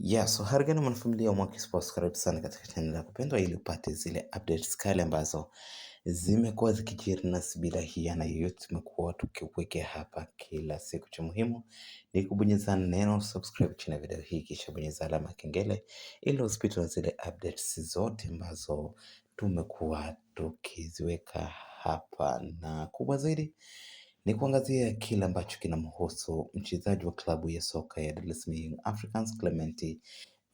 Yeah, so harigani mwanafamilia wa Mwaki Sports, karibu sana katika channel la kupendwa, ili upate zile updates kali ambazo zimekuwa zikijiri nasi bila na yoyote. Tumekuwa tukiweke hapa kila siku. Cha muhimu ni kubonyeza neno subscribe chini ya video hii, kisha bonyeza alama kengele ili usipitwe na zile updates zote ambazo tumekuwa tukiziweka hapa, na kubwa zaidi ni kuangazia kile ambacho kinamhusu mchezaji wa klabu ya soka ya Dar es Salaam Young Africans Clement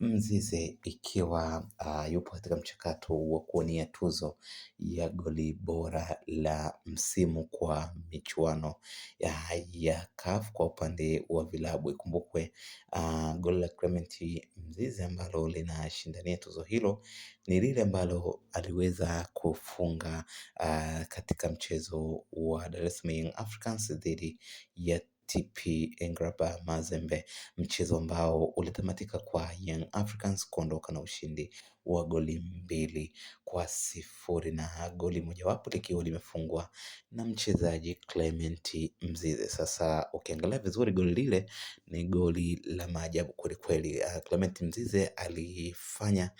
Mzize ikiwa uh, yupo katika mchakato wa kuonia tuzo ya goli bora la msimu kwa michuano ya, ya CAF kwa upande wa vilabu. Ikumbukwe uh, goli la Clement Mzize ambalo linashindania tuzo hilo ni lile ambalo aliweza kufunga uh, katika mchezo wa Dar es Salaam Young Africans dhidi ya TP Engraba Mazembe, mchezo ambao ulitamatika kwa Young Africans kuondoka na ushindi wa goli mbili kwa sifuri na goli mojawapo likiwa limefungwa na mchezaji Clement Mzize. Sasa ukiangalia vizuri goli lile ni goli la maajabu kwelikweli. Uh, ah, Clement Mzize alifanya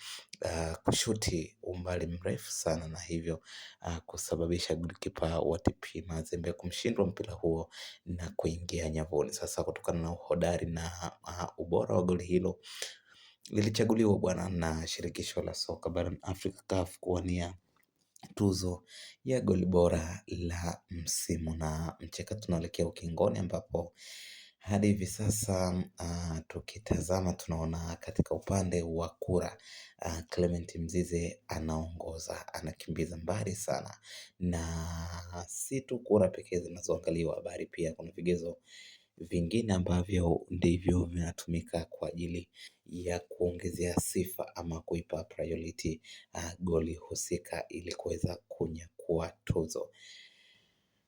uh, kushuti umbali mrefu sana na hivyo uh, kusababisha golikipa wa TP Mazembe kumshindwa mpira huo na kuingia nyavuni. Sasa kutokana na uhodari na uh, ubora wa goli hilo lilichaguliwa bwana na shirikisho la soka barani Afrika CAF kuwania tuzo ya goli bora la msimu, na mchakato tunaelekea ukingoni ambapo hadi hivi sasa ah, tukitazama tunaona katika upande wa kura ah, Clement Mzize anaongoza, anakimbiza mbali sana, na si tu kura pekee zinazoangaliwa, bali pia kuna vigezo vingine ambavyo ndivyo vinatumika kwa ajili ya kuongezea sifa ama kuipa priority ah, goli husika ili kuweza kunyakua tuzo.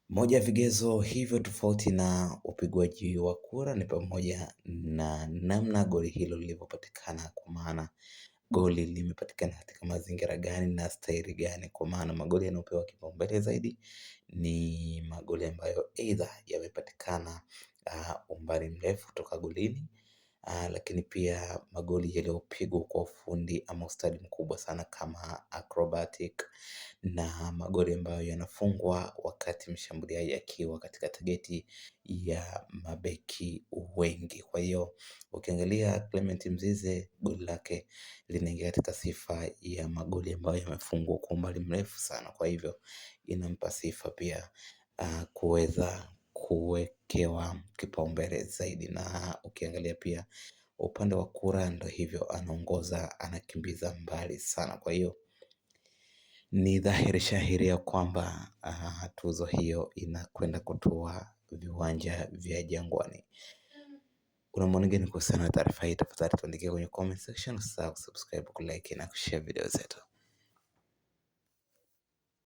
Moja ya vigezo hivyo tofauti na upigwaji wa kura ni pamoja na namna goli hilo lilivyopatikana kwa maana goli limepatikana katika mazingira gani na staili gani kwa maana magoli yanayopewa kipaumbele zaidi ni magoli ambayo aidha yamepatikana ah, umbali mrefu toka golini Ah, lakini pia magoli yaliyopigwa kwa ufundi ama ustadi mkubwa sana kama acrobatic na magoli ambayo yanafungwa wakati mshambuliaji akiwa katika tageti ya mabeki wengi. Kwa hiyo ukiangalia Clement Mzize goli lake linaingia katika sifa ya magoli ambayo yamefungwa kwa umbali mrefu sana. Kwa hivyo inampa sifa pia ah, kuweza kuwekewa kipaumbele zaidi na ukiangalia pia upande wa kura ndo hivyo anaongoza anakimbiza mbali sana kwa hiyo ni dhahiri shahiri ya kwamba uh, tuzo hiyo inakwenda kutua viwanja vya Jangwani. Una maoni gani kuhusiana na taarifa hii? Tafadhali tuandikia kwenye comment section, usisahau kusubscribe, kulike na kushare video zetu.